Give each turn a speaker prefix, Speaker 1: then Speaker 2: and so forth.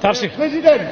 Speaker 1: Darf ich? Herr Präsident!